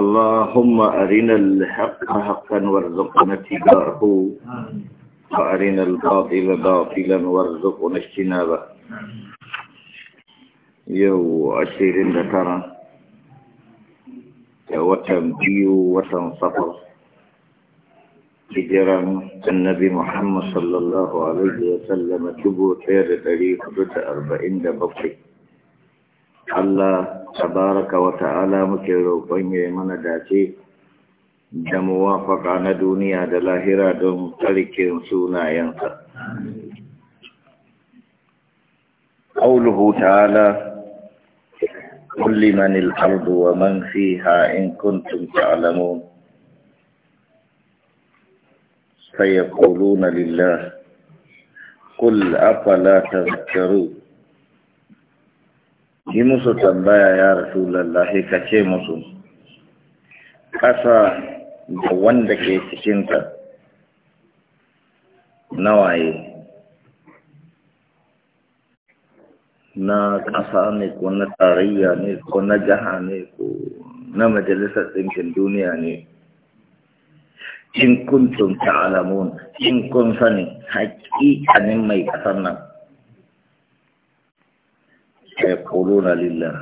اللهم أرنا الحق حقا وارزقنا اتباعه وأرنا الباطل باطلا وارزقنا اجتنابه يو أشير ذكرا وتم بيو وتم صفر هجرا النبي محمد صلى الله عليه وسلم تبو خير تاريخ أربعين دبقي Allah tabaraka wa ta'ala muke roƙon ya mana dace da muwafaka na duniya da lahira don tsarkin sunayensa. Ƙauluhu ta'ala, Kulli man wa man fiha in kuntum ta'lamun sayaquluna lillah qul afala tadhakkarun yi musu tambaya ya rasu, lallahi ka ce musu ƙasa da wanda ke cikinta nawaye na ƙasa ne ko na tarayya ne ko na jiha ne ko na majalisar ɗinkin duniya ne in kuntum ta'alamun in kun sani haƙiƙanin mai ƙasar nan يقولون لله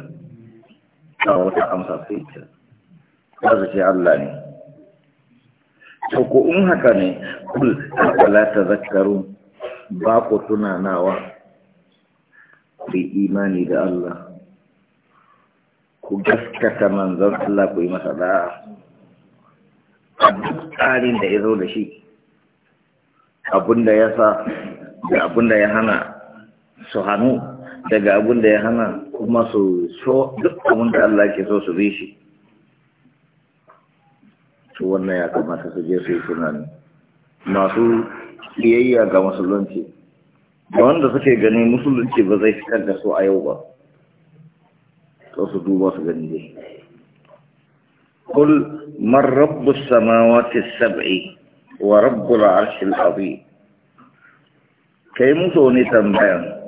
أو أمسى فيك هذا شيء الله to ko in haka ne kul la tazakkaru ba ku nawa? ku imani da Allah ku gaskata manzon Allah ku yi masa da'a tsarin da ya zo da shi abinda ya sa da abinda ya hana su hannu daga abin da ya hana kuma su so duk da Allah ke so su bi shi to wannan ya kamata su je su yi tunani masu iyayya ga musulunci da wanda suke gani musulunci ba zai fitar da su a yau ba to su duba su gani dai man rabbu samawati sab'i wa rabbul arshil azim kai musu wani tambayan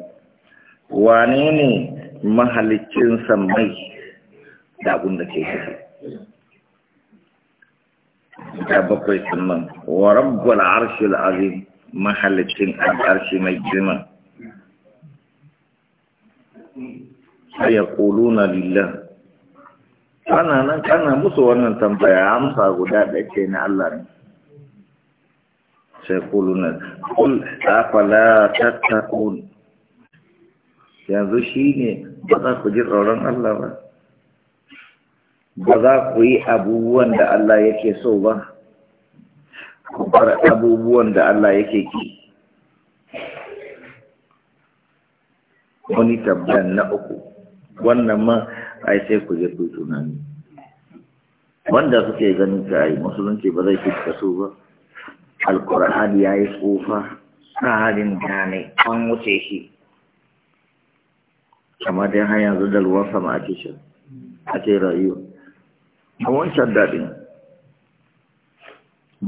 wane ne mahalicin samai da abin da ke ciki da bakwai sannan wa rabbul arshil azim mahalicin arshi mai girma sai ya kuluna lillah Ana nan kana musu wannan tambaya amsa guda da ke na Allah ne sai kuluna kul afala tattaqun yanzu shi ne ba za ku ji tsoron Allah ba ba za ku yi abubuwan da Allah yake so ba ku bar abubuwan da Allah yake ki wani tabbatar na uku wannan ma ai sai ku je ku tunani wanda suke ganin ta yi musulunci ba zai fi su ba alkur'ani ya yi tsofa, tsarin gane an wuce shi kamar dai har yanzu da ruwan sama ake shi ake rayuwa a wancan daɗin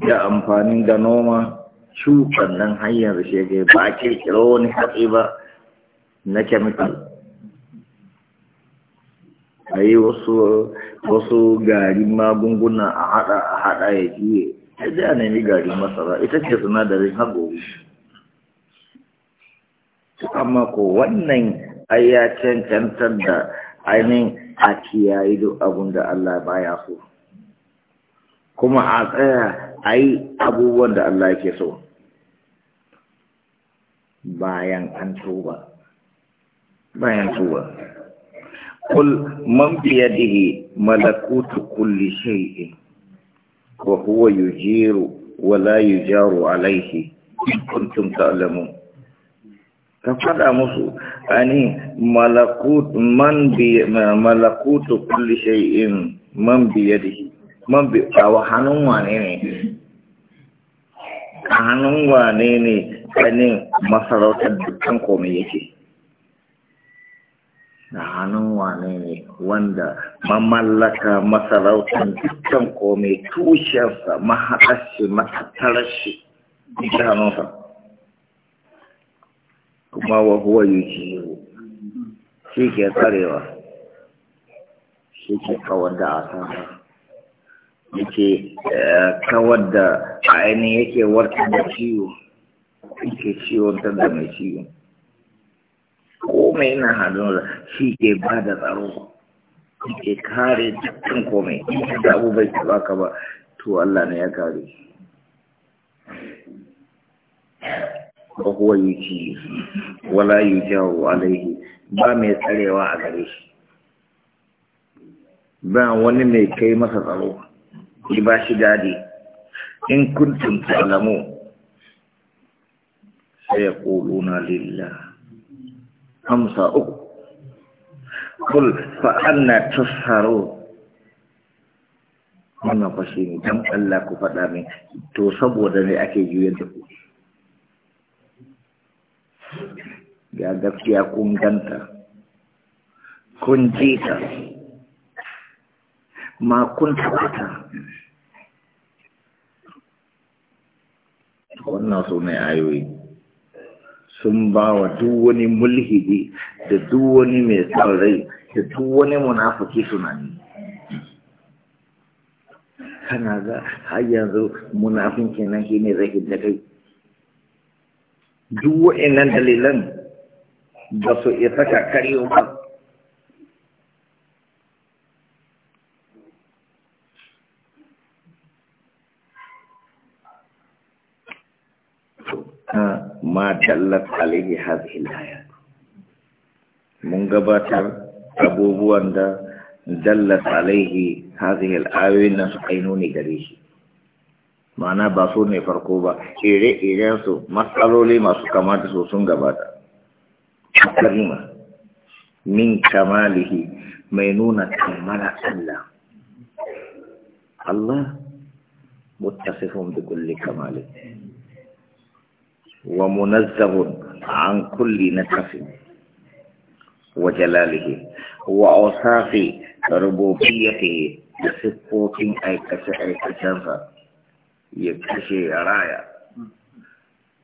da amfanin da noma shukan nan har yanzu shi ba a kirkiro wani hatsi ba na kemikal a yi wasu garin magunguna a hada a hada ya fiye ta ji nemi garin masara ita ce sinadarin hagobi amma ko wannan ai ya cancantar da ainihin a kiyaye duk abin da Allah baya so kuma a tsaya a yi abubuwan da Allah ke so bayan an tuba bayan tuba kul man dihi malakutu kulli shay'in wa huwa yujiru wa la yujaru alayhi in kuntum ta'lamun ka faɗa musu ani malakut man bi malakutu kulli shay'in man bi yadihi man bi awa hannun wane ne hannun wane ne kanin masarautar dukkan komai yake da hannun wane ne wanda mamallaka masarautar dukkan komai tushensa mahaɗar shi matattarar shi da hannunsa kuma wa huwa yujibu shi ke karewa shi ke kawar da shi yake eh, kawar da ainihin yake warkar da ciwo yake ciwon da mai ciwo komai yana hannun shi ke ba da tsaro ke kare dukkan komai da abu bai taba ka ba to Allah ne ya kare wa huwa yuji wala yujawu alaihi ba mai tsarewa a gare shi ba wani mai kai masa tsaro ki ba shi dadi in kuntum ta'lamu sai ya luna lillah amsa uku kul fa anna tusharu wannan fashi ne dan Allah ku faɗa min to saboda ne ake juyar da ku Ya gaskiya kun ganta kun jita, ma kun taɓa wannan su ne ayoyi sun ba wa duk mulhidi da duk wani mai tsarrai da duk munafuki munafiki tunani kana ga har yanzu munafinci nan shi ne zai hidda kai duk wa'annan dalilan ba su isa ka karyo ba ما دلت عليه هذه الآيات من قبل أبو بواندا دلت عليه هذه الآيات نسقينوني قريشي ma'ana ba su ne farko ba ire-irensu matsaloli masu kama da su sun gabata karima min kamalihi mai nuna kammala Allah Allah mutasifun da kulle kamali wa munazzahun an kulli nakasin wa jalalihi wa osafi rububiyyar da siffofin aikace-aikacensa ya kashe ya raya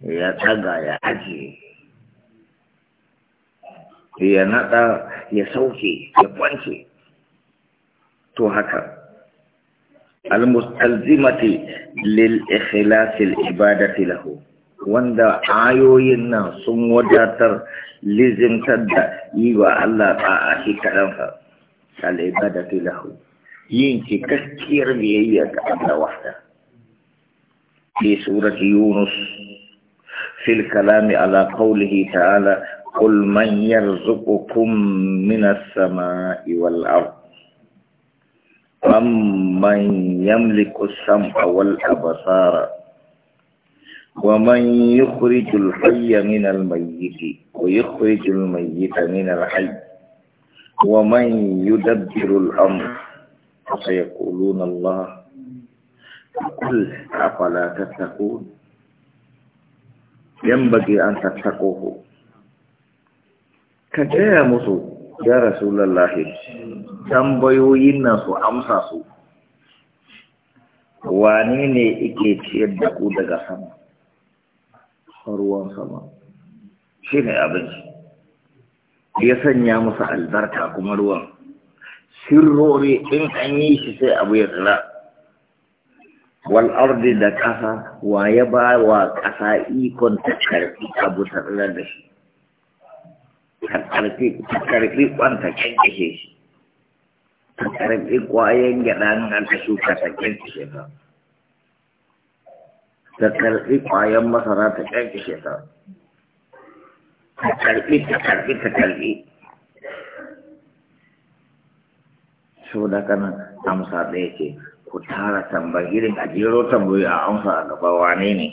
ya tsaga ya ajiye ya naɗa ya sauke ya kwance to haka almustalzimati lil ikhlasil ibadati lahu wanda ayoyin nan sun wadatar lizintar da yi wa Allah a shi kaɗansa al ibadati lahu yin cikakkiyar biyayya ga Allah wahda في سورة يونس في الكلام على قوله تعالى قل من يرزقكم من السماء والأرض أمن يملك السمع والأبصار ومن يخرج الحي من الميت ويخرج الميت من الحي ومن يدبر الأمر فسيقولون الله قل أفلا تتقون ينبغي أن تتقوه كجاء مصر يا رسول الله تنبيوين ناسو أمساسو wane ne ike ciyar da ku daga sama ruwan sama shi ne abinci ya sanya musu albarka kuma ruwan sirrori in an yi shi sai abu ya Wal'adu da ƙasa, wa ya ba wa kasa ikon ta karfi abu tsarra da shi ta kwan ta kyankashe shi ta karfi kwayan gyada ta shuka ta kyankashe ta ta karfi masara ta kyankashe ta ta karfi ta karfi da kanan amsa ce ku tara tambayirin irin a jero tambayi a amsa a gaba wane ne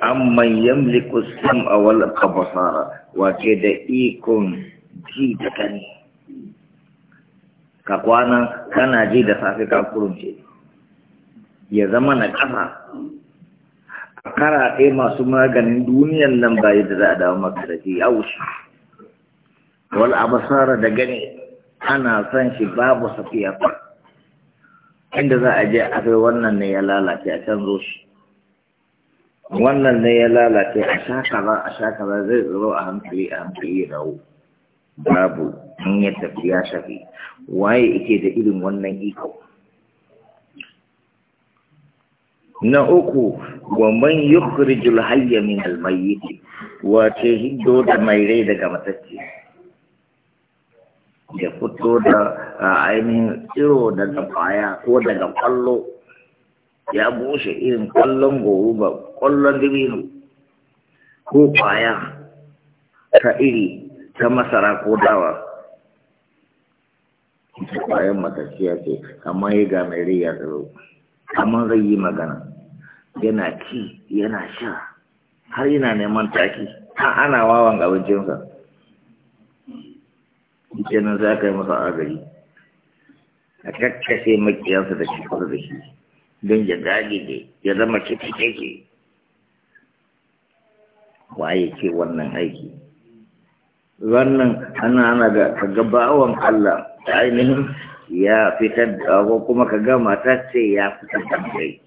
amman yamliku a wal kabasara wace da ikon ji da kani ka kwana kana ji da safe ka kurunce ya zama na kafa a karaɗe masu maganin duniyan nan bayi da za a dawo makarafi ya wuce wal abasara da gani ana son shi babu safiya inda za a je a kai wannan ne ya lalace a canzo shi wannan ne ya lalace a sha kaza a sha kaza zai tsoro a hankali a hankali ya dawo babu in ya tafi ya shafi waye ike da irin wannan iko na uku wa man yukhrijul hayya min al mayyit wa tahiddu da mai rai daga matacce ya fito da ainihin tsiro daga baya ko daga kwallo ya bushe irin kwallon goro ba, kwallon dibino ko kwaya ta iri ta masara ko dawa kwayan matafiya ce amma ya ga mai riya ya amma zai yi magana yana ci yana sha har yana neman taki ta ana wawan abincinsa kenan za ka yi masa agari a kakkashe makiyarsa da shekaru da shi don ya dage da ya zama kifi keke waye ke wannan aiki wannan ana ana da kaga bawan Allah ainihin ya fitar da ko kuma kaga mata ce ya fitar da kai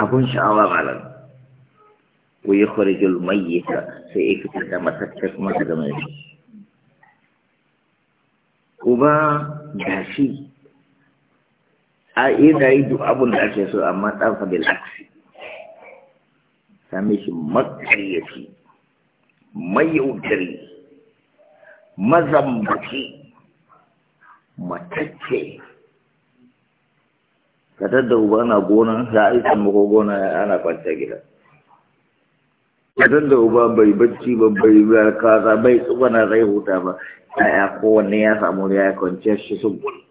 abun sha'awa malam wa yukhrijul mayyita sai ya fitar da matattar ce kuma daga mai uba gashi a ina eh, yi duk abin da ake so amma ɗansa bil aksi same shi makaryaci mayaudari mazambaki matacce ka da na gona za a gona ana kwanta gida idan da uba bai bacci ba bai kaza bai tsubana zai huta ba ya'ya kowanne ya samu ya kwanciya shi sun gudu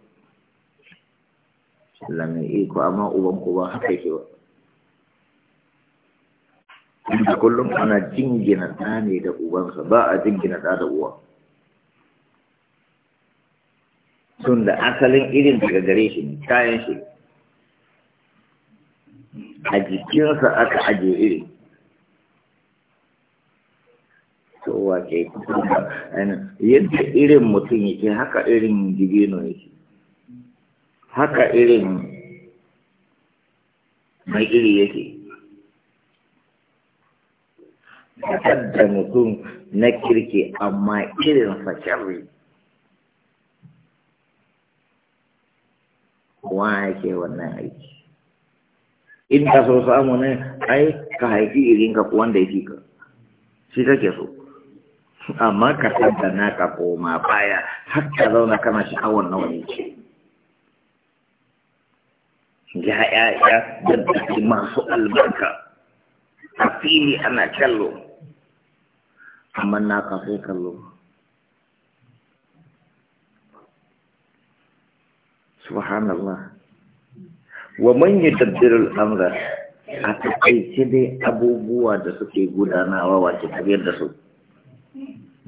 lamin iko amma uban ku ba haka yake ba inda kullum ana jingina ɗa ne da ubansa ba a jingina ɗa da uwa sun da asalin irin daga gare shi ne kayan shi a jikinsa aka ajiye irin uwa ke yadda irin mutum yake haka irin dibino yake haka irin mai iri yake da mutum na kirki amma irin fashari wa yake wannan aiki in ka so samu ne ai ka haifi irin ka wanda ya fi ka shi kake so amma ka sanda na ka koma baya har ka zauna kana sha'awar nawa ne ce ya ya ya daddaki masu albarka a fili ana kallo amma na ka sai kallo subhanallah wa man yadabbiru al-amra a takaice dai abubuwa da suke gudanawa wace tabiyar da su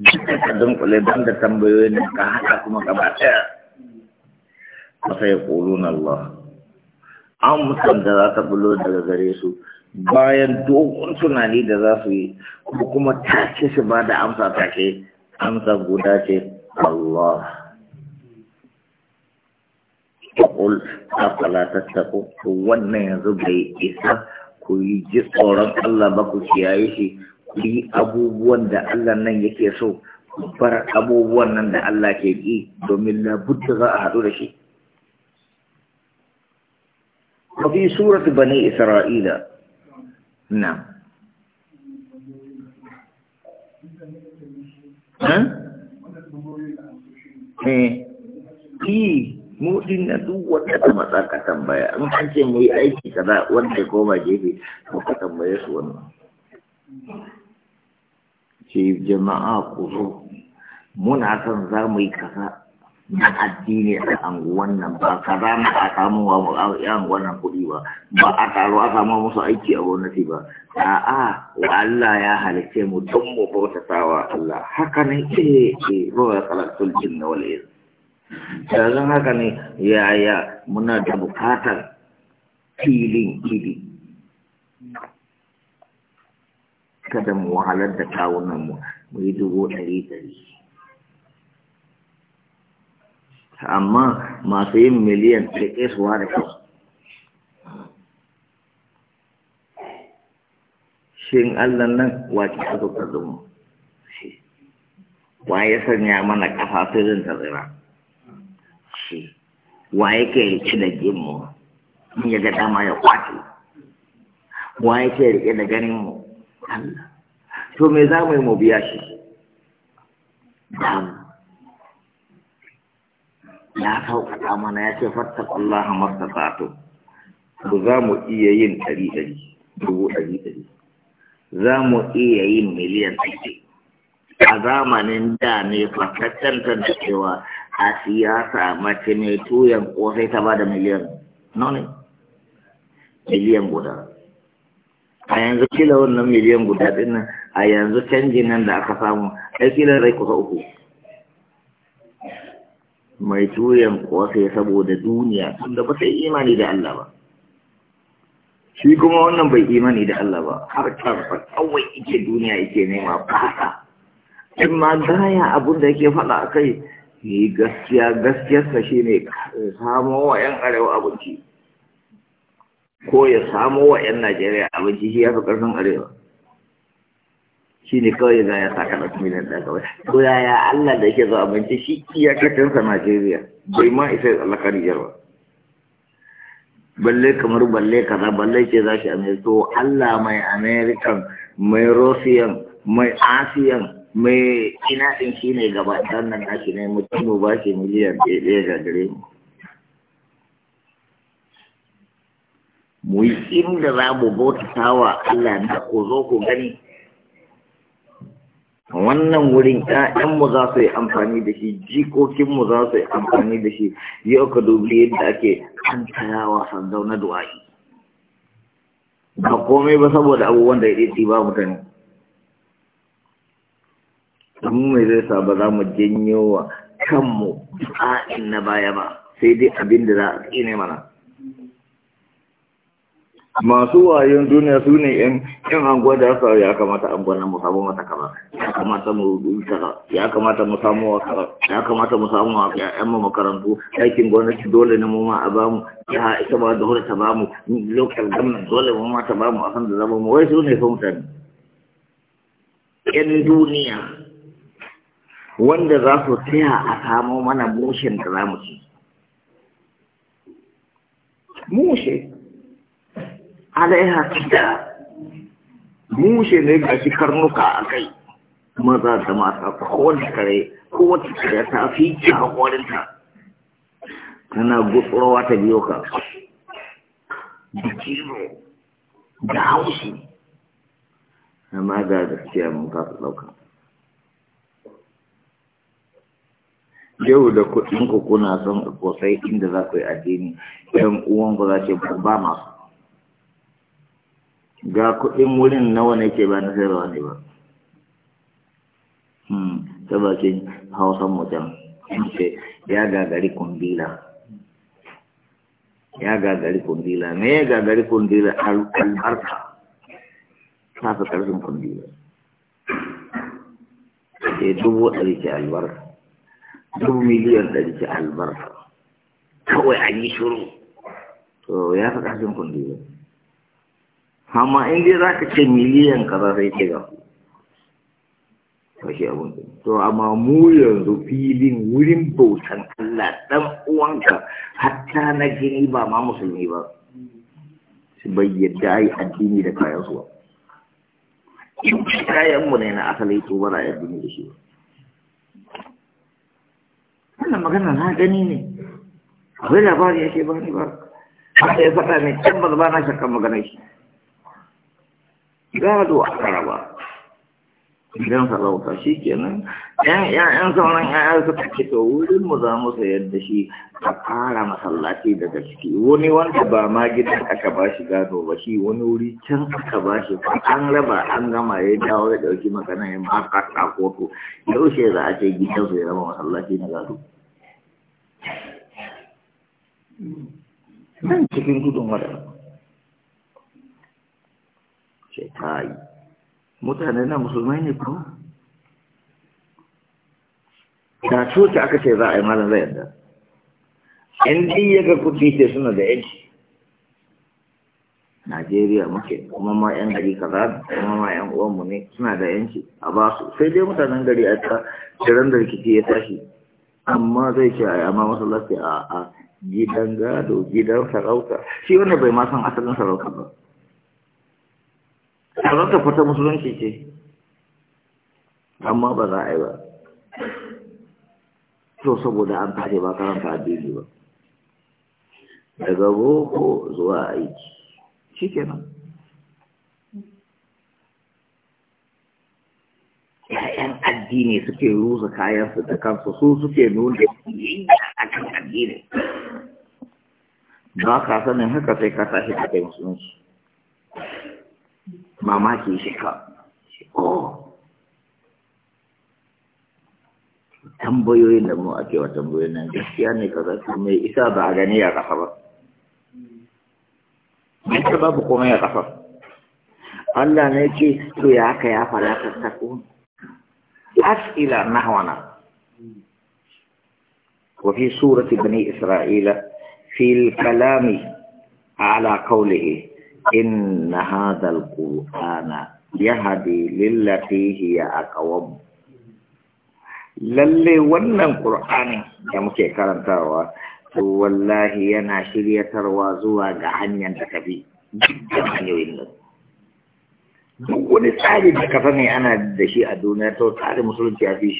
Jika kadung dunkule ban da tambayoyin da ka haɗa kuma gaba ɗaya Allah an musan da za ta bulo daga gare su bayan dogon sunani da za su yi ko kuma ba da amsa take amsa guda ce Allah Ƙul afala tattaku wannan yanzu bai isa ku yi ji tsoron Allah baku ku kiyaye yi abubuwan da Allah nan yake so bar abubuwan nan da Allah ke yi domin labudda za a haɗu da shi وفي suratu بني Isra'ila na. ها؟ eh mu din na duk wata ta matsa ka tambaya an ce mu yi aiki kada wanda ya koma gefe ko ka tambaye su wannan ce jama'a ku zo muna son za mu yi kasa na addini a anguwan nan ba kaza na a samu wa mu anguwan nan kuɗi ba ba a taro a samu musu aiki a gwamnati ba a'a wa Allah ya halice mu don mu bautata wa Allah haka ne eh eh ba ya jinna wal ins haka ne yaya muna da bukatar filin kidi kada mu wahalar da kawunan mu mu yi dubu ɗari ɗari amma masu yin miliyan ɗaiɗe suwa da kyau shin allah nan wace aka kwallo mu wa ya sanya mana ƙafa firin ta zira shi wa yake rike da jinmu in ya ga dama ya kwace wa ke rike da ganin mu? Allah to me za mu yi mu biya shi ya sauƙaƙa mana ya ce fatta Allah masta sato to za mu iya yin ɗari ɗari dubu ɗari ɗari za mu iya yin miliyan ɗari a zamanin da ne fataccen tantancewa a siyasa mace mai tuyan kosai ta ba da miliyan nau ne miliyan guda a yanzu kila wannan miliyan guda ɗin a yanzu canjin nan da aka samu ai kila rai kusa uku mai tuyan kuwa sai saboda duniya tunda ba sai imani da Allah ba shi kuma wannan bai imani da Allah ba har karfa kawai ike duniya ike nema fata in ma gaya abin da yake faɗa a kai ni gaskiya gaskiyarsa shi ne eh, samo wa 'yan arewa abinci ko ya samo wa 'yan Najeriya abinci shi ya fi ƙarfin arewa shi ne kawai ya zaya sa kaɗa ɗauki miliyan ɗaya kawai to yaya Allah da yake zuwa abinci shi iyakacinsa Najeriya bai ma isa ya tsallaka Nijar ba balle kamar balle kaza balle ce za shi Amerika to Allah mai Amerikan mai Russian, mai Asiyan mai ina ɗin shi ne gaba ɗan nan nashi ne mutum ba shi miliyan ɗaya ɗaya ga gare mu mu yi inda za mu bauta wa Allah na ku zo ku gani wannan wurin mu za su yi amfani da shi jikokinmu za su yi amfani da shi yau ka dubi yadda ake an taya wa na du'a'i ba komai ba saboda abubuwan da ya ɗi ba mutane mu mai zai sa za mu janyo wa kanmu du'a'in na baya ba sai dai abin da za a tsine mana masu wayan duniya su ne yan yan an gwada sa ya kamata an gwada mu samu mata kaza ya kamata mu rubuta ya kamata mu samu ya kamata mu samu wa ƴaƴan mu makarantu aikin gwamnati dole ne mu ma a bamu ya ita ba dole ta bamu local government dole mu ma ta bamu a san da zama mu wai su ne fa mutane yan duniya wanda za su tsaya a samo mana mushin da za mu ci mushe alaiha kida mushe ne ga shi karnuka a kai maza da mata kowace kare kowace kare ta fi ci haƙorinta tana gutsurowa ta biyo ka da kiro da haushi amma ga gaskiya mun kasa ɗauka yau da kuɗin kuna son kosai inda za ku yi addini ɗan uwan ku za ce ba masu ga kuɗin wurin nawa ne ke ba na sayarwa ne ba hmm, ta bakin hausan mutum ce ya gagari kundila ya gagari kundila me ya gagari kundila albarka ta fi ƙarfin kundila ke dubu ɗari ke albarka dubu miliyan ɗari ke albarka kawai an yi shuru to ya fi ƙarfin kundila amma in dai za ka ce miliyan ka sai ke ga kashe abun to amma mu yanzu filin wurin bautan Allah dan uwanka hatta na gini ba ma musulmi ba su bai yadda ai addini da kayan su ba in kayan ne na asali to ba za addini da shi ba wannan magana na gani ne akwai labari ya ce ba ni ba haka ya faɗa ne tabbas ba na shakkan maganar shi gado a karaba Idan sarauta shi kenan yan sauran yaya suka ce to wurin mu za mu sayar da shi a fara masallaci daga ciki wani wanda ba ma gida aka ba shi gado ba shi wani wuri can aka ba shi ba an raba an gama ya dawo ya dauki magana ya ma kasa kotu yaushe za a ce gidan su ya raba masallaci na gado nan cikin gudun wadanda ce kai mutane na musulmai ne kuma ta coci aka ce za a yi malam zai yarda yan diya ga kuɗi ce suna da yanki Najeriya muke kuma ma yan gari kaza kuma ma yan uwanmu ne suna da yanki a ba su sai dai mutanen gari a ta tiran da rikici ya tashi amma zai ce a amma masallaci a gidan gado gidan sarauta shi wanda bai ma san asalin sarauta ba tsarar da fata musulunci ce amma ba za a yi ba to saboda an tashi ba karanta addini ba daga boko zuwa aiki shi kenan ‘ya'yan addini suke rusa kayansu da kansu su suke nuna a kan addini ba ka sanin haka sai ka tashi ka kai musulunci mamaki shi ka oh tambayoyin da mu ake wa tambayoyin nan gaskiya ne kaza su mai isa ba a gani ya kafa ba mai ta babu komai ya kafa Allah ne ce to ya haka ya fara ta sako as'ila nahwana wa وفي سورة بني إسرائيل في kalami على قوله In inna hadzal ya yahdi lillati a aqwam lalle wannan qur'ani da muke karantawa to wallahi yana shiryatarwa zuwa ga hanyar da kabi da hanyoyin nan duk wani tsari da ka sani ana da shi a duniya to tsarin musulunci ya fi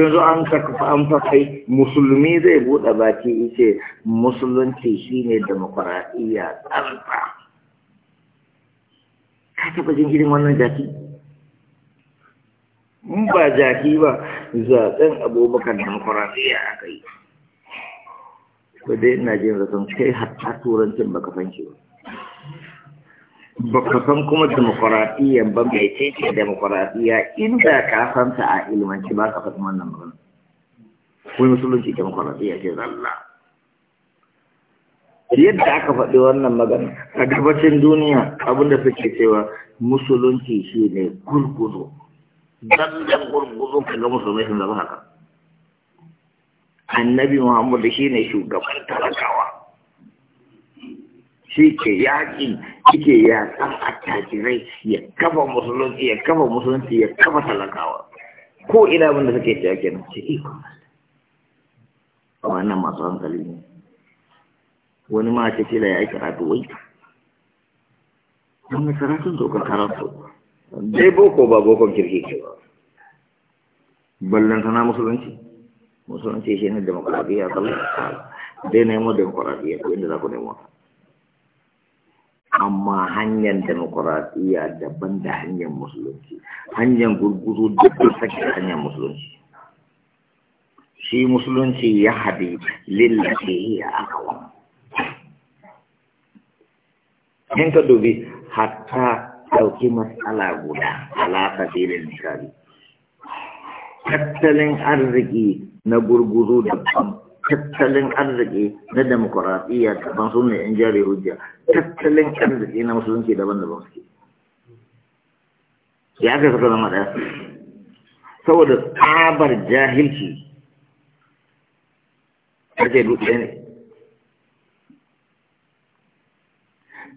yanzu an an fakai musulmi zai buɗe baki ice musulunci shine demokuraɗiyya tsarfa ka taɓa jin irin wannan jaki in ba jaki ba zaɓen abubakar demokuraɗiyya aka yi ko dai ina jin zaton kai hatta turancin baka fanke ba ba ka san kuma demokuraɗiyya ba mai ce ce demokuraɗiyya inda ka san ta a ilmanci ba ka faɗi wannan magana kuma musulunci demokuraɗiyya ce zalla yadda aka faɗi wannan magana a gabacin duniya abinda suke cewa musulunci shi ne gurguzo zallan gurguzo ka ga musulmai sun zama haka annabi muhammadu shi ne shugaban talakawa shi ke yaƙi Kike ya attajirai tajirai ya kafa musulunci ya kafa musulunci ya kafa talakawa ko ina abin da suke cewa nan ce iko wannan masu hankali ne wani ma ce kila ya yi karatu wai wani karatun to ka karatu dai boko ba bokon kirki ke ba ballon sana musulunci musulunci shi ne demokradiyya kallon dai nemo demokradiyya ko inda za ku nemo ta amma hanyar demokuraɗiyya daban da hanyar musulunci hanyar gurguru daban sake hanyar musulunci shi musulunci ya haɗe lillace ya a wa in ka dubi hatta ɗauki matsala guda alaƙa filin misali tattalin arziki na gurguzu daban tattalin arziki na demokuraɗiyya daban su ne 'yan jari hujja tattalin arziki na musulunci daban-daban suke ya aka suka zama ɗaya saboda tsabar jahilci ake dutse ne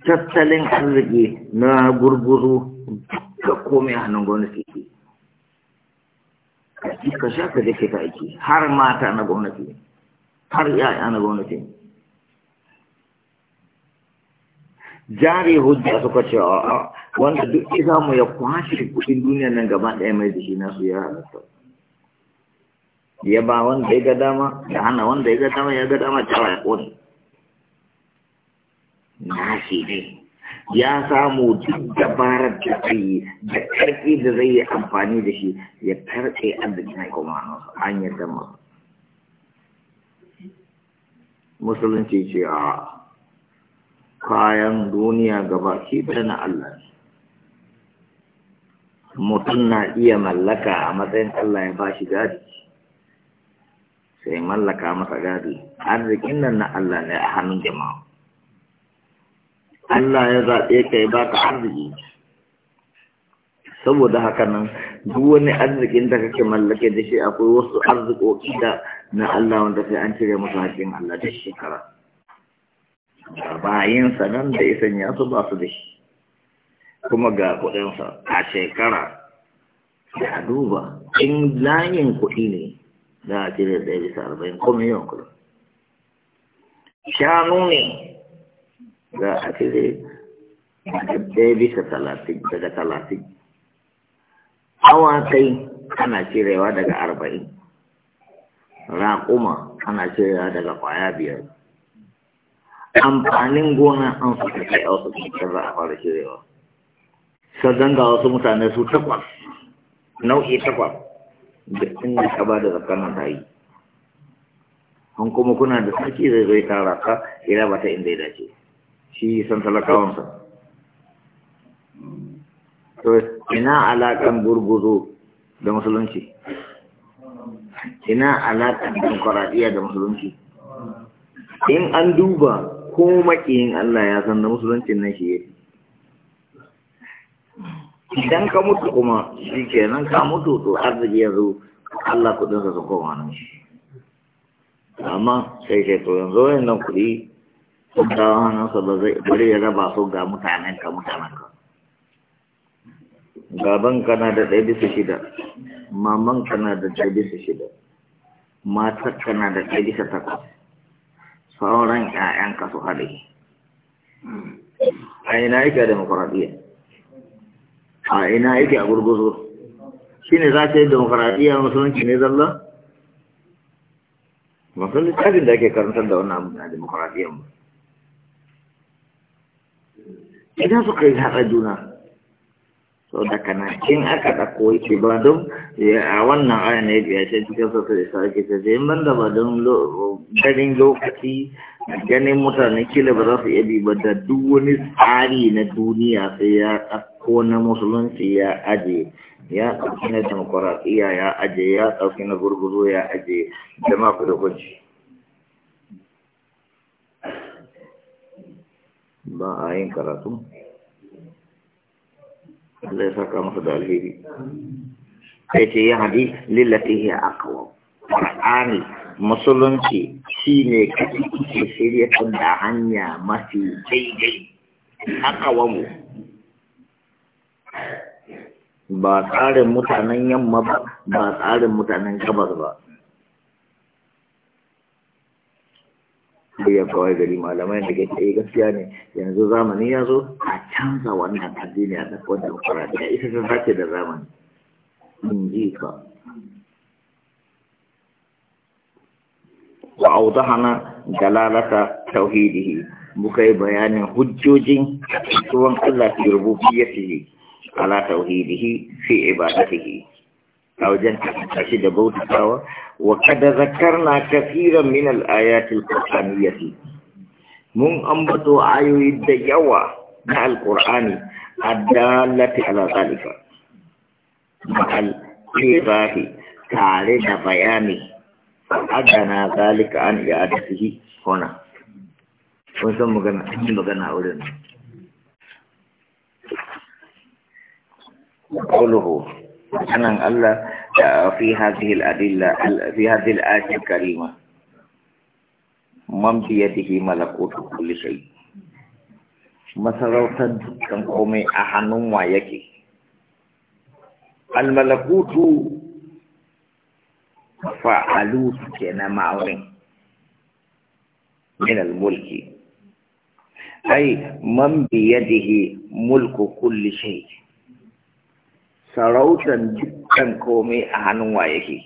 tattalin arziki na gurguru da komai a hannun gwamnati ke ka sha ka je ka aiki har mata na gwamnati ne har ya'ya na gwamnati jari hujja suka ce a wanda duk isa mu ya kwashe kudin duniya nan gaba ɗaya mai da shi nasu ya halatta ya ba wanda ya ga dama ya hana wanda ya ga dama ya ga dama cewa ya ƙone. na shi ne ya samu duk dabarar da zai da ƙarfi da zai yi amfani da shi ya karɓe arzikin kuma an yadda masa musulunci ce a kayan duniya gaba shi na Allah mutum na iya mallaka a matsayin Allah ya ba shi gadi sai mallaka masa gadi arzikin nan na Allah ne a hannun jama'a Allah ya zaɓe ka ya baka arziki saboda haka nan duk wani arzikin da kake mallake da shi akwai wasu arzikoki da na Allah wanda sai an cire masa hakkin Allah da shekara ba bayin sanan da ya sanya su ba su da shi kuma ga kuɗinsa a shekara ya duba in layin kuɗi ne za a cire ɗaya bisa arba'in ko miliyan kuɗi shanu ne za a cire ɗaya bisa talatin daga talatin awa kai ana cirewa daga arba'in raƙuma ana cirewa daga ƙwaya biyar amfanin gona an suka kai a wasu cikin za a fara cirewa sannan ga wasu mutane su takwas nau'i takwas da yi ka ba da zakana ta yi an kuma kuna da sarki zai zai tara ka ila ba ta inda ya dace shi san talakawansa to ina alaƙan gurguzo da musulunci ina alaƙan demokaraɗiyya da musulunci in an duba ko maƙiyin Allah ya san da musulunci nan shi yake idan ka mutu kuma shi ke nan ka mutu to arziki yanzu Allah kudinsa su koma nan shi amma sai ke to yanzu wayan nan kuɗi sun kawo hannunsa ba zai bari ya raba su ga mutanen ka mutanen ka gaban kana da ɗaya bisa shida maman kana da ɗaya bisa shida matar kana da ɗaya bisa takwas sauran ƴaƴan su haɗe a ina yake a demokuraɗiyya a ina yake a gurguzo shi ne za ta yi demokuraɗiyya musulunci ne zalla masu littafin da ake karantar da wannan abu na demokuraɗiyya mu idan suka yi haɗa juna so da kana in aka ɗauko yake ba don a wannan aya ne biya shi cikin sosai da sarki ta zai man da ba don ganin lokaci ganin mutane kila ba za su iya bi ba da duk wani tsari na duniya sai ya ɗauko na musulunci ya aje ya ɗauki na demokuraɗiyya ya aje ya ɗauki na gurguzo ya aje jama'a ku da kunci ba a yin karatu Allah ya saka masa da alheri sai ce ya hadi lillati hiya aqwa qur'ani musulunci shine kake ke shirya da hanya mafi daidai A mu ba tsarin mutanen yamma ba ba tsarin mutanen gabas ba ya kawai gari malamai da gaske yi eh, gaskiya ne yanzu zamani ya zo a canza wannan addini a ɗaukar wanda kwara da ita ta dace da zamani in ji ka wa audahana dalalata tauhidihi muka yi bayanin hujjojin tuwon Allah fi rububiyyatihi ala tauhidihi fi ibadatihi a wajen tashi da bautatawa وقد ذكرنا كثيرا من الآيات القرآنية من أنبتوا عيد الدجوة مع القرآن الدالة على ذلك مع الإيضاح تعالج بيانه فأدنى ذلك عن إعادته هنا ونسمى مغنى انتم مغنى قوله أنا الله في هذه الأدلة في هذه الآية الكريمة من بيده ملكوت كل شيء مسروتا كان قومي أحنم ويكي الملكوت فعلوه سكينة معوني من الملك أي من بيده ملك كل شيء sarautan dukkan komai a hannun wa yake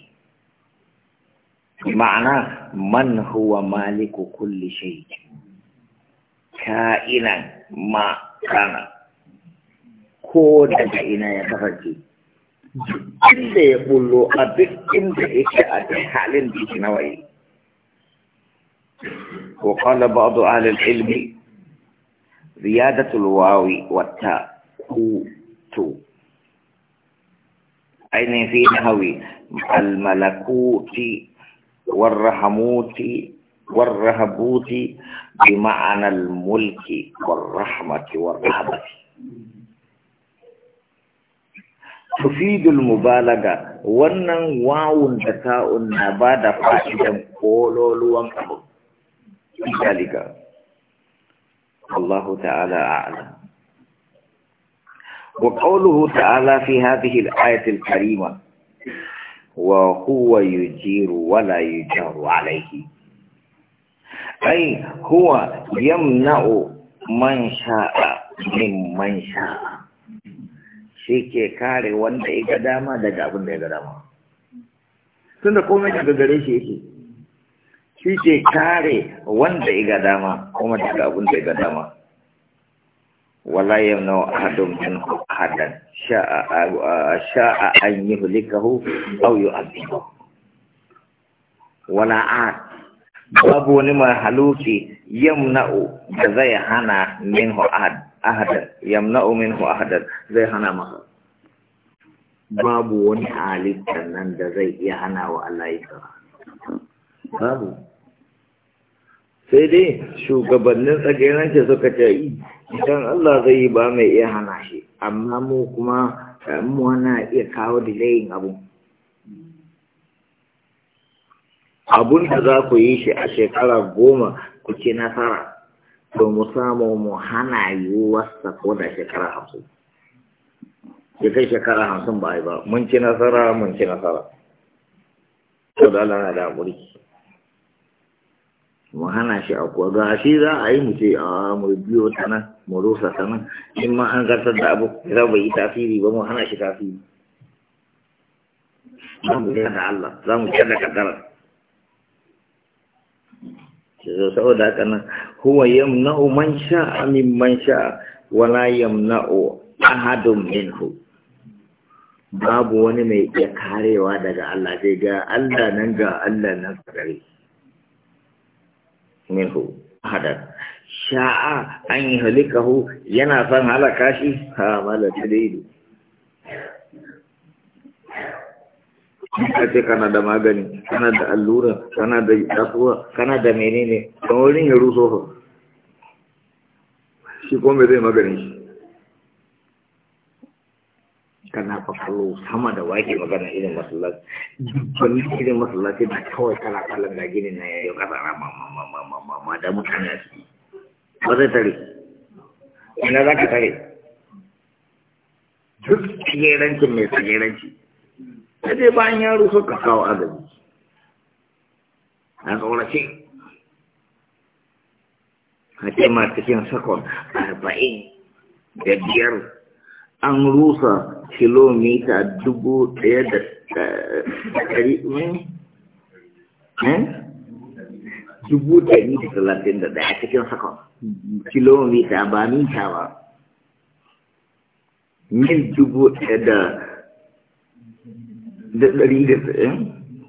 ma'ana man huwa maliku kulli shay ina ma kana ko daga ina ya tafarki inda ya bullo a duk inda yake a duk halin da yake nawaye وقال بعض أهل العلم زيادة الواو ku to أين في نهوي الملكوت والرحموت والرهبوت بمعنى الملك والرحمة والرهبة تفيد المبالغة ونن واو دتا ان بعد قولوا لوان ذلك الله تعالى أعلم وقوله تعالى في هذه الآية الكريمة وهو يجير ولا يجار عليه أي هو yamna'u man sha'a min man sha'a. shi ke kare wanda ya ga dama daga abin da ya ga dama Tunda komai da gagare shi yake shi ke kare wanda ya ga dama kuma daga abin da ya ga dama wala yamna ahadun min ahadan sha'a sha'a an yuhlikahu aw yu'adhibahu wala ad babu wani mai haluki yamna'u da zai hana min ahad ahadan yamna'u min ahadan zai hana ma. babu wani halittar nan da zai hana wa Allah ya babu sai dai shugabannin tsageranci suka ce idan Allah zai yi ba mai iya hana shi amma mu kuma eh, mu na iya kawo delayin abu abun da za ku yi shi a shekara goma ku ci nasara to mu samu mu hana yiwuwarsa ko da shekara hamsin ya kai shekara hamsin ba yi ba mun ci nasara mun ci nasara to da Allah na da mulki mu hana shi a kuwa ga shi za a yi mu ce a mu biyo ta nan mu rusa ta nan in ma an gartar da abu za bai yi tasiri ba mu hana shi tasiri za mu da Allah za mu kada sau saboda haka nan huwa yamna'u man sha'a man sha'a wala yamna'u ahadun minhu babu wani mai iya karewa daga Allah sai ga Allah nan ga Allah nan kare minhu hadar sha'a an yi halikahu yana son halaka shi ha mala da ido ka ce kana da magani kana da allura kana da tasuwa kana da menene don wurin ya ruso shi kome zai magani shi kana fa kallo sama da wake magana irin masallaci dubban irin masallaci da kawai kana kallon da gini na yayi kasa na ma ma ma ma ma da mutane a ciki ba zai tare ina za ka tare duk tsagerancin mai tsageranci sai dai bayan yaro so ka kawo agaji na tsorace a ce ma cikin sakon arba'in da biyar an rusa kilomita dubu ɗaya da ɗari eh? Eh? dubu ɗari da talatin da ɗaya cikin sakon kilomita ba mita ba mil dubu ɗaya da da ɗari da eh?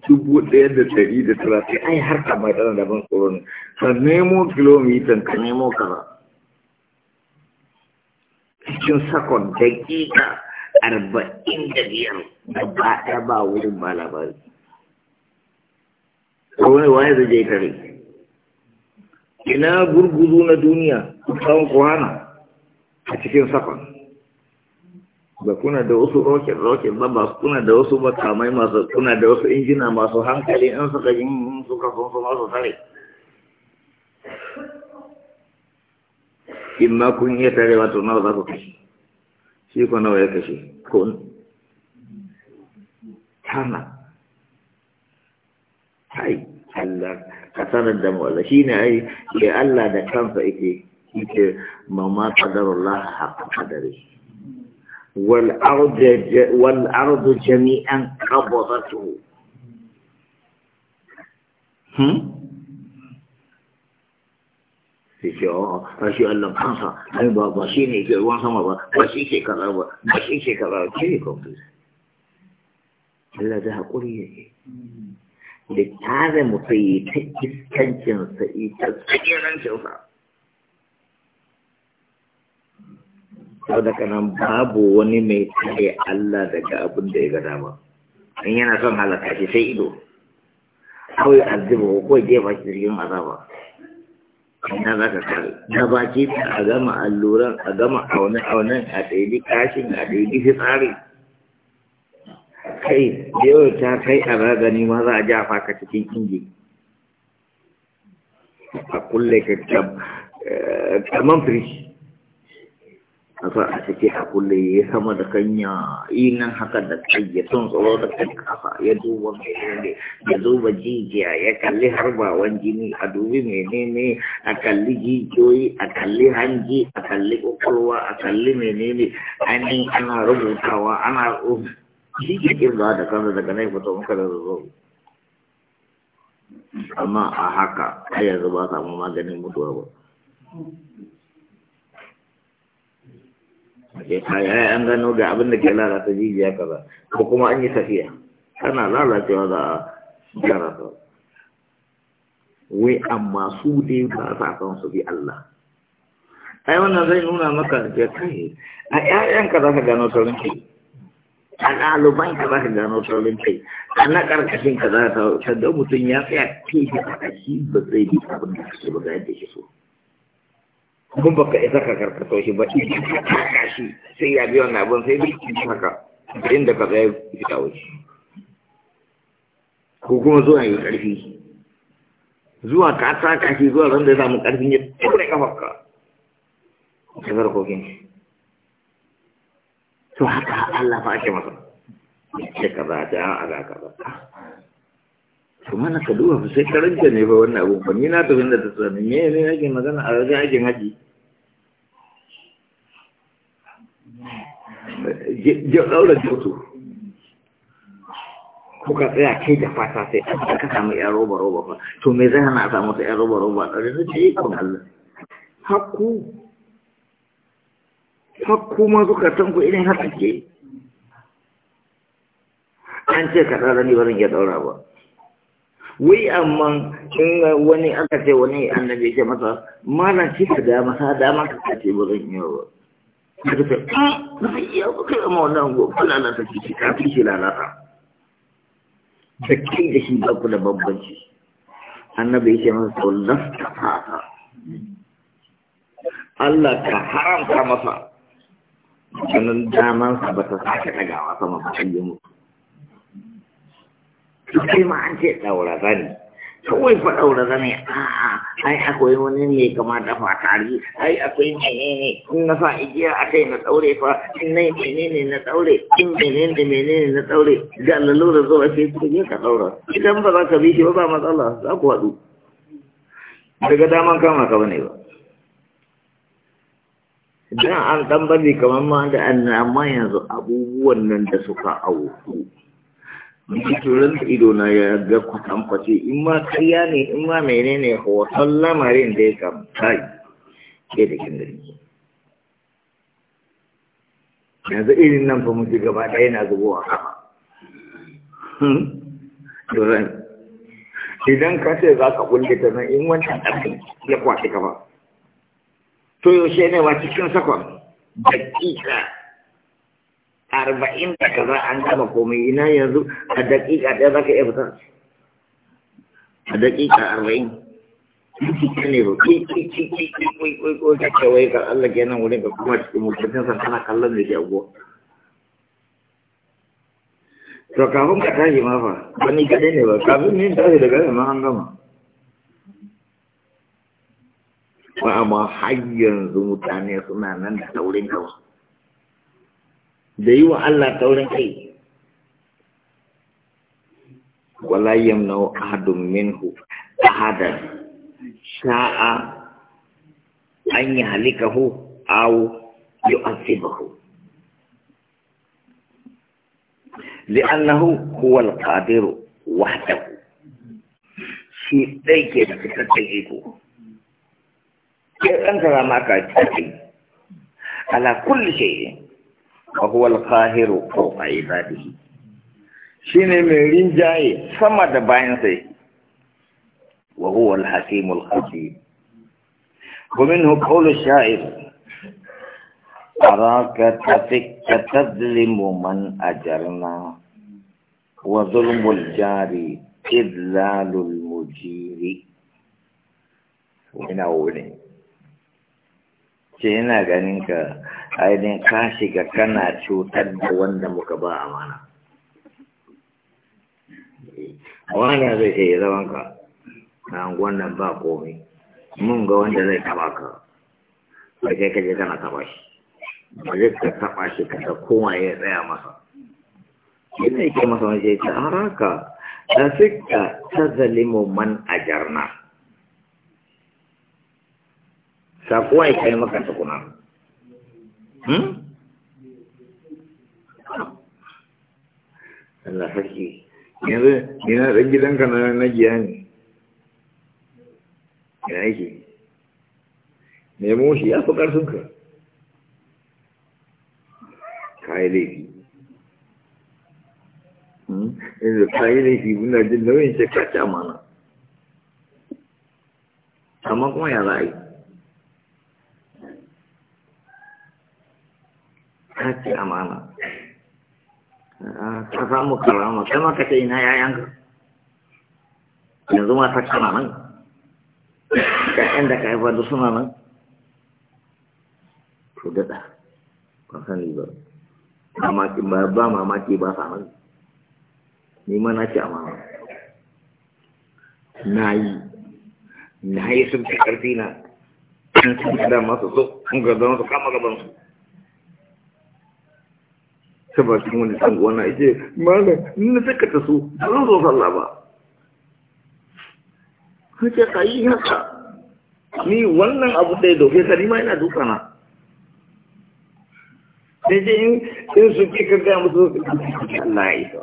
dubu ɗaya da ɗari da talatin ai har ka mai ɗana daban tsoro ne ka nemo kilomitan ka nemo kaza cikin sakon daƙiƙa arba'in da biyar gaba ɗaya ba wurin ba labari kawai waye zai je kare ina gurguzu na duniya kusan kwana a cikin sakon ba kuna da wasu rocket rocket ba ba kuna da wasu makamai masu kuna da wasu injina masu hankali in suka yin suka sun su masu tare in ma kun iya tare wato nawa za ku kashi shi ko nawa ya kashe kun tana kai Allah ka sanar da mu Allah shine ai ya Allah da kansa yake yake mamma qadarullah haqqa qadari wal ardu wal ardu jami'an qabdatuhu hmm sai ce oh, oh, a shi Allah kansa ai ba ba shi ne ke ruwan sama ba ba shi ke kaza ba ba shi ke kaza ce ne kawai Allah da haƙuri ne da tare mutum yi ta iskancinsa yi ta tsakirancinsa sau da kanan babu wani mai tsaye Allah daga abin da ya ga dama in yana son halaka shi sai ido kawai azibu ko jefa shi cikin azaba ina za ka kare na baki a gama alluran a gama aune-aunen a daidai kashin a daidai tsari kai da yau ta kai a ragani ma za a jafa ka cikin inji a kulle ka eh, kaman firish a sa a ciki a kulle ya sama da kanya inan haka da tsaye ya tsoro da kai kafa ya duba menene ya duba jijiya ya kalli harbawan jini a dubi menene a kalli jijiyoyi a kalli hanji a kalli kwakwalwa a kalli menene ainihin ana rubutawa ana jijiyar ba da kansa daga nan fito muka da zo amma a haka har yanzu ba samu maganin mutuwa ba ake ai an gano ga abin da ke lalata jijiya kaza ko kuma an yi safiya kana lalacewa za a karata wai amma su dai ba sa san su bi Allah ai wannan zai nuna maka da kai a ka za ka gano saurin kai a ɗaliban ka za ka gano saurin kai a na ƙarƙashin ka za ka ga mutum ya tsaya kai a shi ba zai bi abin da ce ba ga yadda ke so mun baka isa ka karkato shi ba idan ka taka shi sai ya biya wannan abin sai bikin haka da ka tsaye fita wuce ko kuma zuwa yi karfi zuwa ka taka shi zuwa ran da ya samu karfin ya tura kafarka ta zarkokin shi to haka Allah fa ake masa ce ka ba ta a ga ka ba to mana ka duba sai karanta ne fa wannan abu ba ni na tafi da ta tsani me ne yake magana a wajen aikin haji ɗaura jotu kuka tsaya ke da fata sai an ka samu yan roba roba ba to me zai hana samu ta yan roba roba ɗari na ce ikon Allah hakku hakku ma zukatan ku idan haka ke an ce ka tsara ni barin ya ɗaura ba wai amma in wani aka ce wani annabi ya ce masa malam ci ka dama sa dama ka ce barin yi ba da ta ce a ah, na iya kuka yi ma wannan gobe lalata ce ce ta fi shi lalata da kai da shi ba ku da babbanci annabi ya ce masa sallan ta Allah ka haramta masa sannan damansa ba ta sake ɗagawa sama ba ta yi mutu. Kai an ce ɗaura zani. kawai faɗau da zane a'a ai akwai wani ne kama da fatari ai akwai menene in na sa igiya a kai na tsaure fa in nai menene na tsaure in menene da menene na ɗaure da lalura zuwa ce ta ne ka tsaura idan ba za ka bi shi ba ba matsala za ku haɗu daga daman kama ka bane ba dan an ɗan bari kamar ma da amma yanzu abubuwan nan da suka auku turan ido na ya ga kwace in ma karya ne in ma menene hoton lamarin da ya kamta ke da kin gari yanzu irin nan ba mu ji gaba ɗaya na zubowa kama hmm? turin idan ka ce za ka kulle ta nan in wancan ɗan ya kwace ka ba to yaushe ne ba cikin sakon dakika arba'in da kaza an gama komai ina yanzu a daƙiƙa ɗaya za ka iya fita a daƙiƙa arba'in cikin ne ba kai kai kai kai kai kai kai kai wai ka Allah kenan nan wurin ka kuma cikin mutuncin sa kana kallon da ke abuwa to kafin ka tashi ma fa wani kaɗai ne ba kafin ne tashi daga yamma an gama ba amma har yanzu mutane suna nan da taurin kawai da yi wa Allah taurin kai wala yamna'u ahadun minhu ahadan sha'a an yahlikahu aw yu'adhibahu li'annahu huwa al-qadiru wahdahu shi dai ke da cikakken iko ke ɗan karama ka cikakken ala kulli shay'in وهو القاهر فوق عباده شيني من جاي سما دباين سي وهو الحكيم الخبير ومنه قول الشاعر أراك تفك تظلم من أجرنا وظلم الجار إذلال المجير ومن أولين شينا غنينك ainihin ka shiga kana cutar da wanda muka ba amana wani zai ce ya zaman ka na wannan ba komai mun ga wanda zai taba ka ba kai ka kana taba shi ba zai ka taba shi ka koma ya tsaya masa Ina yake masa wani sai ta haraka ta fika ta zalimu man jarna sakuwa ya kai maka tukuna Hmm? Allah sarki yanzu yana gidanka na nagiya ne ya yake nemo shi ya fi ƙarfinka kayi laifi hmm? yanzu kayi laifi muna jin nauyin amma kuma ya za a yi ka ce amana ah, ka samu karama kai ma ka ce ina yayanka yanzu ma ta kana nan ƴaƴan da ka haifa da suna nan to daɗa ban sani ba mamaki ba ba mamaki ba sa nan ni ma na ce amana na yi na yi sun fi ƙarfi na sun fi da masu so sun ga zama su kama gabansu ta bakin wani ɗan gona ce malam na saka ta so ba zan zo sallah ba kace ka yi haka ni wannan abu da ya doke ka ni ma ina dukana sai dai in in su ke ka ga musu Allah ya isa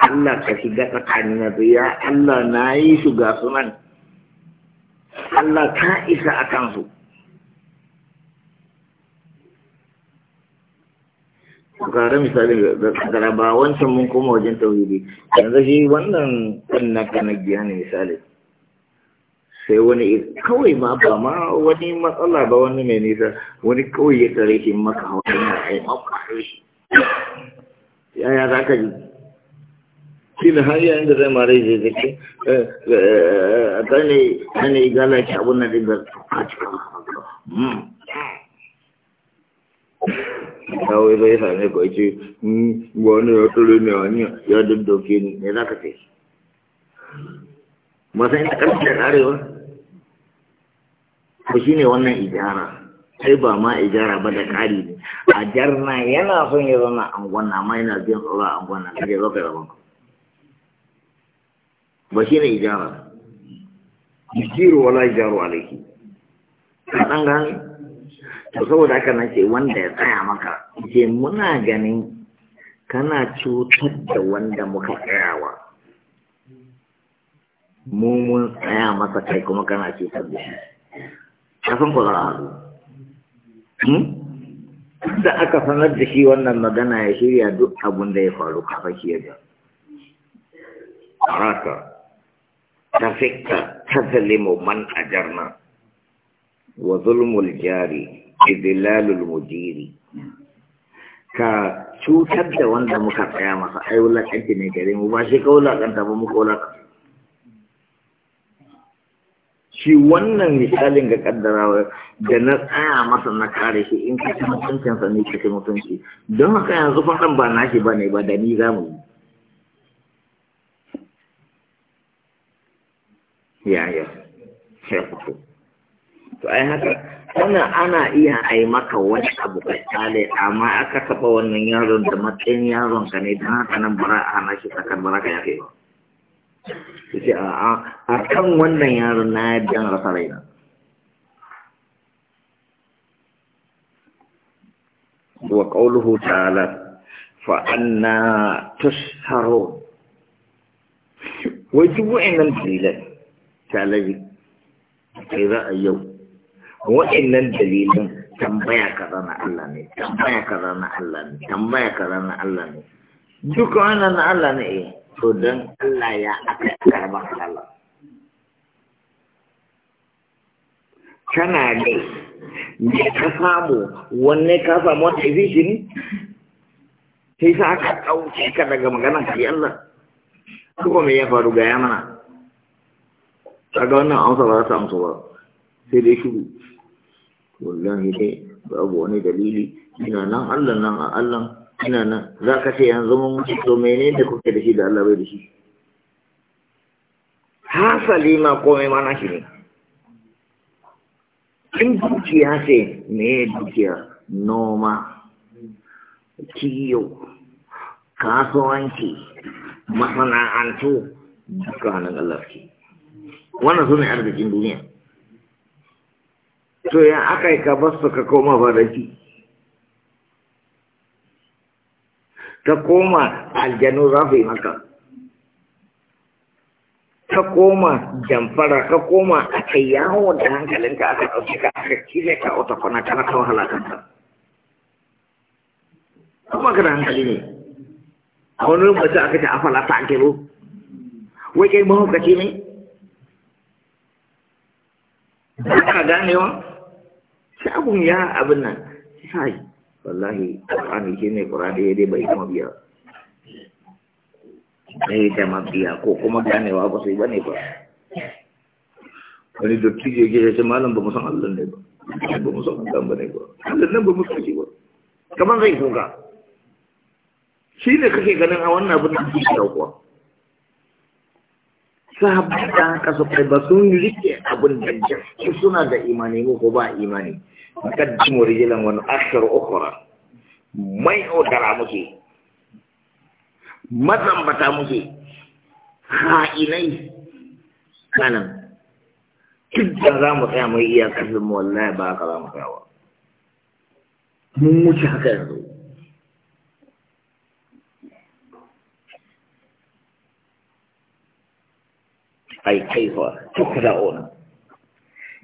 Allah ka shiga tsakanin na ya Allah na yi su ga sunan Allah ta isa a kansu Gara misali da ba wancan mun koma wajen tauhidi yanzu shi wannan na kanagiya ne misali sai wani kawai ma ba ma wani matsala ba wani mai nisa wani kawai ya kare shi maka hawa yana aimakon shi yaya za ka ji shi da har yayin da zai mara zai zai eh, eh, eh, a ne igala shi abun na digar a cikin dawo zai same ku ce hmm, wani ya tsoro ne wani ya daddoke ni ne za ka ce ba sai ta da karewa ko shi ne wannan ijara sai ba ma ijara ba da kari ne a jarna yana son ya zama gwanna ma yana biyan tsoro a angwana kare zo ka zama ba shi ne ijara jiru wala ijaru alaiki ka ɗan gane to saboda haka nan ce wanda ya tsaya maka ce muna ganin kana cutar da wanda muka tsayawa mu mun tsaya masa kai kuma kana cutar da shi kafin ku zara haɗu hmm? da aka sanar da shi wannan magana ya shirya duk abin da ya faru kafin shi yadda ga araka ta fi ta zalimu man na. wa zulmul jari idilalul mujiri ka cutar da wanda muka tsaya masa ai wulakanci ne gare mu ba shi ka wulakanta ba muka wulakanta shi wannan misalin ga kaddarawa da na tsaya masa na kare shi in kace sa ne kace mutunci don haka yanzu fadan ba nashi ba ne ba da ni za mu yi Ya sai ku to ai haka kana ana iya ai maka wani abu ka tsale amma aka taba wannan yaron da matsayin yaron ka ne don haka nan bara a hana shi sakar bara ka yafe ba sai a a kan wannan yaron na yadda rasa raina wa qawluhu ta'ala fa anna tusharun wai duk wa'annan dalilan ta lafi kai za a yau wa'annan dalilin tambaya kaza na Allah ne tambaya kaza na Allah ne tambaya kaza na Allah ne duka wannan na Allah ne eh to dan Allah ya aka karba Allah kana ne me ka samu wanne ka samu wata izishi ne sai sa aka ɗauke ka daga maganar ka Allah kuma me ya faru ga ya mana kaga wannan amsa ba za ta amsa ba sai dai shiru wallahi dai babu wani dalili ina nan Allah nan a Allah ina nan za ka ce yanzu mun mutu to mene da kuke da shi da Allah bai da shi hasali ma komai ma na shi ne in dukiya ce me dukiya noma kiyo kasuwanci masana'antu duka nan Allah ke wannan su ne arzikin duniya to ya aka yi ka basu ka koma faraki ka koma aljanu za su yi maka ka koma jamfara ka koma a kai yawon da hankalinka aka ɗauki ka aka cire ka wata kwana kana kawo halakanta kuma ka da hankali ne a wani lokaci aka ce afala ta kiro wai kai mahaukaci ne ba ka ganewa shagun ya abin nan sai wallahi ƙur'ani shi ne ƙur'ani ya dai bai kama biya bai kama biya ko kuma ganewa ba sai bane ba wani dattijo ya ce malam ba mu san allah ne ba ba mu san allah ba ne ba allah nan ba mu san shi ba kamar zai kuka shi ne kake ganin a wannan abin da kuke kuwa sahabbai da haka kai ba sun rike abun da jaski suna da imani mu ko ba imani kaddimu rijalan wani ashar ukhra mai odara muke mazambata muke ha'inai kanan duk da za mu tsaya mai iya karfin mu wallahi ba haka za mu tsaya mun wuce haka yanzu ai kula on.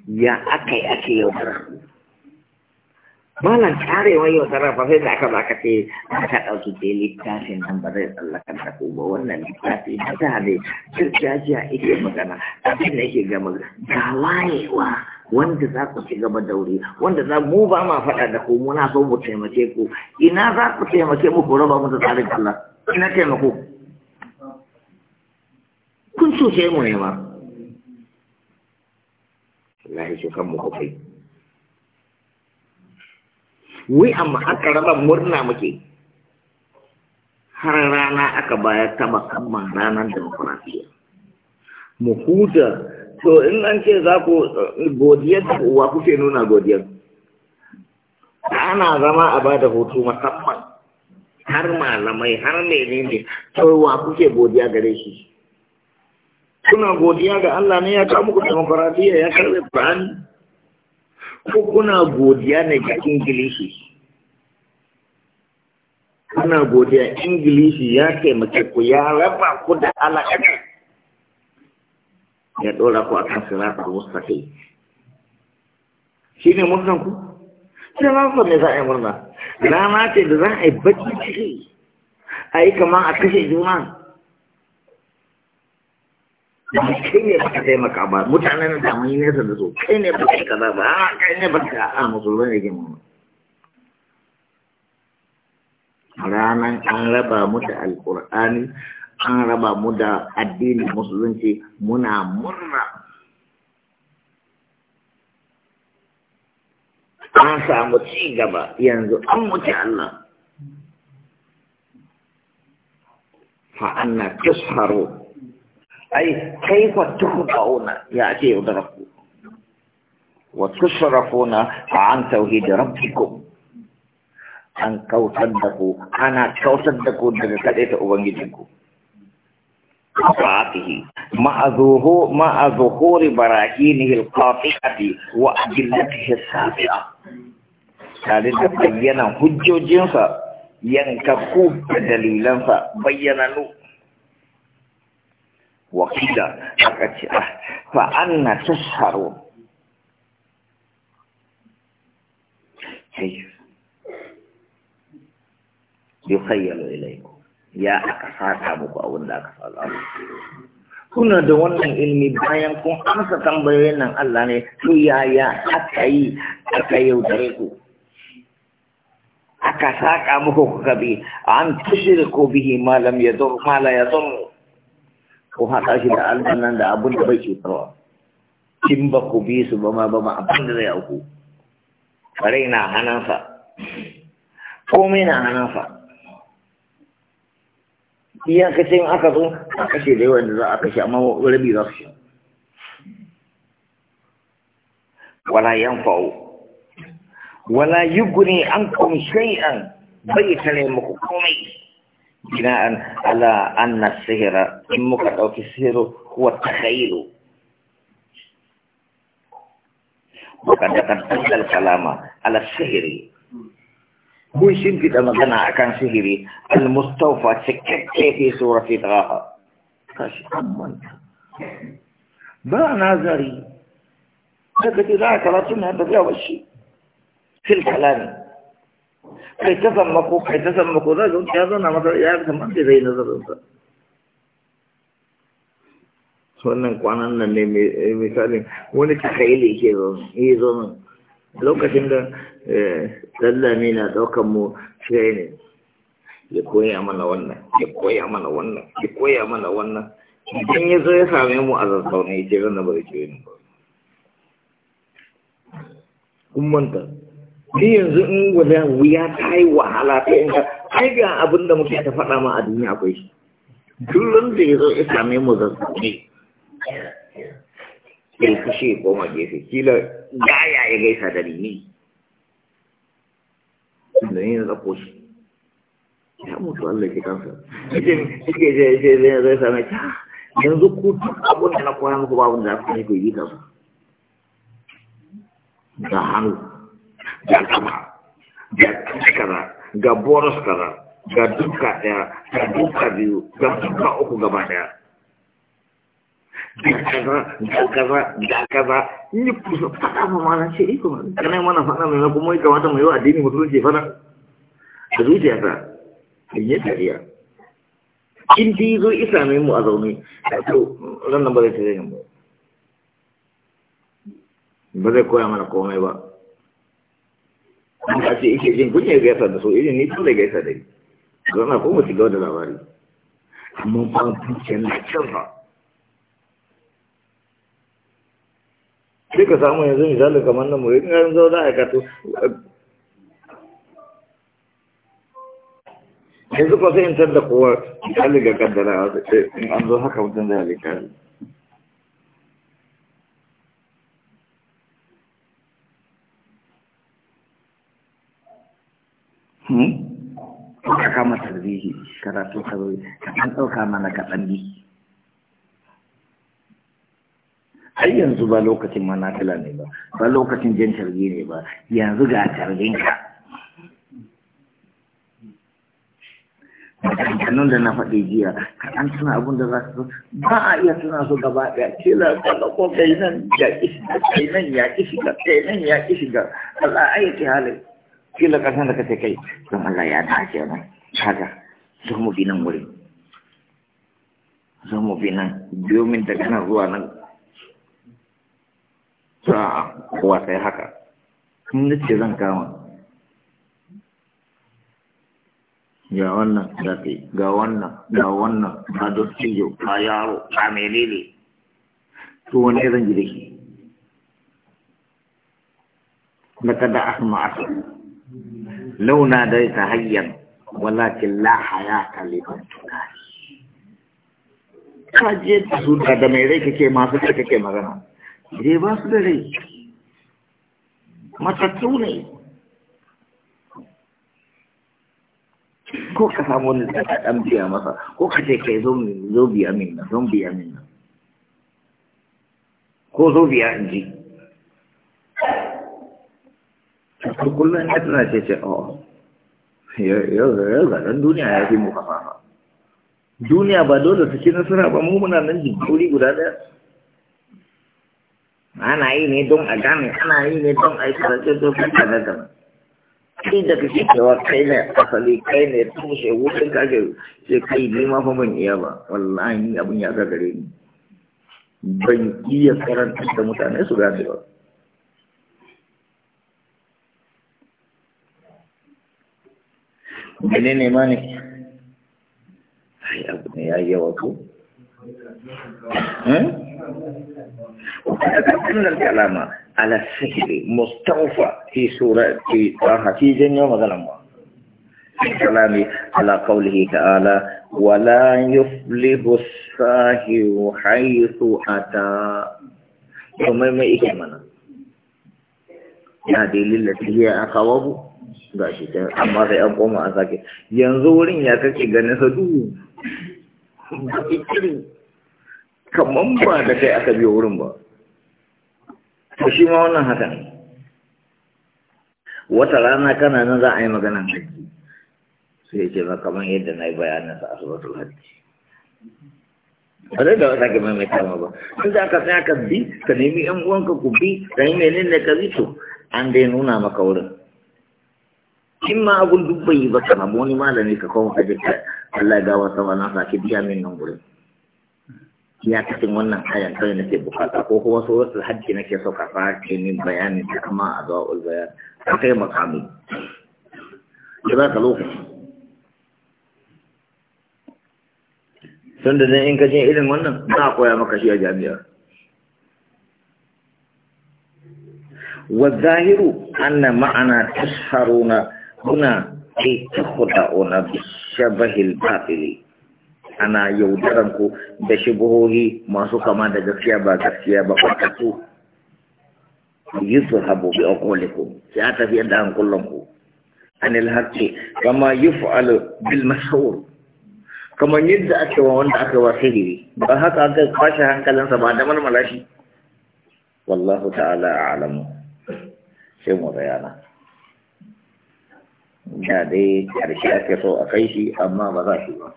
ya akai ake yau yaudara malan yau yaudara fa sai da aka baka ce aka ɗauki daily tasi nan ba zai tsallaka da ku wannan wannan littafi ta da ne kirjajiya ike magana abin da yake gama ga wayewa wanda za ku ci gaba da wuri wanda za mu ba ma faɗa da ku muna so mu taimake ku ina za ku taimake mu ku raba mu da tsarin Allah ina taimako cuce mu ne ma Allah shi kan mu kufai wai amma aka karaba murna muke har rana aka bayar ta musamman ranar demokrasiya mu huta to in an ce za ku eh, godiyar wa kuke nuna godiyar ana zama a ba da hutu musamman har malamai har menene to wa kuke godiya gare shi kuna godiya ga Allah ne ya kawo muku demokradiyya ya karbe ban ko kuna godiya ne ga Ingilishi kuna godiya Ingilishi ya taimake ku ya raba ku da alaƙa ya dora ku akan siratul shi ne murnan ku sai ba fa ne za a yi murna rana ce da za a yi baki ciki a yi kama a kashe juna kai ne baka taimaka ba mutanen da mun yi nesa da su kai ne baka kaza ba ah, kai ne baka a ah, ne ke mu ranan an raba mu da alkur'ani an raba mu da addinin musulunci muna murna an samu ci gaba yanzu an wuce Allah fa'anna tusharo ai kaifa tuhdauna ya ce yudraku wa tusrafuna an tauhid rabbikum an kautar da ku ana kautar da ku daga kadaita ubangijinku طاعته مع ظهور ظهور براهينه القاطعة وأدلته السابعة tare da bayyana hujjojinsa yankaku da dalilansa bayyananu wakila aka ce fa anna tusharu sai yukhayyalu ilaykum ya aka saka muku abin da aka saka kuna da wannan ilmi bayan kun amsa tambayoyin nan Allah ne to yaya aka yi aka yaudare ku aka saka muku kuka bi an tushirku bihi ma lam yadur ma la yadur ko haɗa shi da Allah nan da abun da bai cutarwa in ba ku bi su ba ma ba ma abin da zai auku kare na hannunsa komai na hannunsa in aka zo a kashe da yawan da za a kashe amma rabi za su shi wala yan fa'o wala yi guni an kumshai an bai tare muku komai بناء على أن السهر إن أو في السهر هو التخيل وقد تبدل الكلام على السهر هو شين في دمجنا أكان سهر المستوفى سكت في سورة طه كاش أمان با نظري لكن إذا كلا سنة بذيه وشي في الكلام kai ta sammako kai ta sammako ya zauna masa ya kamanta zai nazarinsa wannan kwanan nan ne eh, misalin wani takaili ke zo yi zo lokacin da tsallami eh, na daukan mu shirai ne ya koya mana wannan ya mana wannan mana wannan zo ya same mu a ya ce ni yanzu in wada wuya ta yi wahala ta yin ka ai ga abin da muke ta faɗa ma a duniya akwai shi kullum da ya zo ya same mu zazzabi ya kashe goma gefe kila gaya ya gaisa da ni da yin zafo shi ya mutu Allah ke kansa cikin cike ce ce zai zai same ta ah, yanzu ku abun da na koya muku babu da ku ne ku yi kansa da hannu ga kama ga kaza ga boros kaza ga duka ɗaya ga duka biyu ga duka uku gaba ɗaya ga kaza ga kaza ga kaza ni kusa fata ma mana ce iko eh, ma kana mana fara mai na kuma ya kamata mu yi addini ke fara a zuciya ta yi tariya in ji zo isa mai mu a zaune to ran nan ba zai tare ba zai koya mana komai ba an ka ce ike jin kunya gaisa da so irin ni tun da gaisa da ni zana ko mu shiga da labari amma ba dukiyar na can ba sai ka samu yanzu misali kamar nan mu yi ƙarin zo za a kato yanzu ko sai in tar da kowa misali ga kaddara in an zo haka mutum zai halika Hmm? ka kama tarbihi karatu ka zo ka ɗan ɗauka mana kaɗan ɗan bi har yanzu ba lokacin manafila ne ba ba lokacin jan tarbi ne ba yanzu ga tarbinka kanun da na faɗi jiya an tuna abin da za su ba a iya tuna su gaba ɗaya ce da kwallo ko kai nan ya ƙi shiga kai nan ya ƙi shiga kai nan ya ƙi shiga Allah ayyaki halin kila kasan da kace kai don Allah ya dace nan kaga zo mu bi nan wurin zo mu bi nan biyo min da kana zuwa nan ta kowa sai haka kun da ce zan kama ga wannan da ta yi ga wannan ga wannan ga yau, ga yaro ga menene to wani zan ji da shi na kada asma asali لو ناديت هيا ولكن لا حياة لمن تنادي kaje da su da mai rai kake masu kai kake magana dai ba su da rai matattu ne ko ka samu wani da ɗan biya masa ko ka ce kai zo biya min nan zo biya min na? ko zo biya in ji to kullum ya tana ce ce oh, o yau zanen duniya ya fi mu kafafa duniya ba dole ta ci nasara ba mu muna nan jinkuri guda daya. ana yi ne don a gane ana yi ne don a yi karatu don ka gane gane kai da kake cewa kai ne asali kai ne tushe wucin kake ce kai ne ma fa ban iya ba wallahi abin ya gagare ni ban iya karanta da mutane su gane ba mene ne ma ne ai abu ne وكان الكلام على السحر مستوفى في سورة طه في جنة وظلم الكلام على قوله تعالى ولا يفلح الساهر حيث أتى ثم ما إكمنا هذه التي هي أقوى ga shi can amma sai an koma an sake yanzu wurin ya kake ganin sa duhu ba ikirin kamar ba da kai aka biyo wurin ba to shi ma wannan haka ne wata rana kana nan za a yi maganan hajji sai ce ma kamar yadda na yi bayanin sa asibitul hajji ba zai da wata ke mai kama ba sun za ka tsaya ka bi ka nemi yan uwanka ku bi ka yi menene ka bi to an dai nuna maka wurin in ma abun duk bai yi ba kana wani malami ka koma ka jika Allah ga wata wani sa ki biya min nan gurin ya cikin wannan ayan kai nake bukata ko kuma so wasu hajji nake so ka fara ke min bayanin ta kama a zuwa ulbayan ka kai makami da za ka lokaci tun da zan in ka ce irin wannan na koya maka shi a jami'a والظاهر أن معنى تسحرون هنا أي تخدعون بالشبه الباطل أنا يودرنكو بشبهه ما سوى ما دقسيا با دقسيا با فتتو يذهب بأقولكم سيأتى في أدعان كلكم عن الحق كما يفعل بالمشهور كما yadda ake wa wanda aka wa sihiri ba haka aka kwashe hankalinsa ba da malmala shi wallahu ta'ala da dai ƙarshe ake so a kai shi amma ba za shi ba